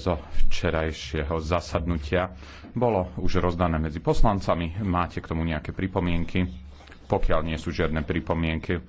zo včerajšieho zasadnutia bolo už rozdané medzi poslancami. Máte k tomu nejaké pripomienky? Pokiaľ nie sú žiadne pripomienky,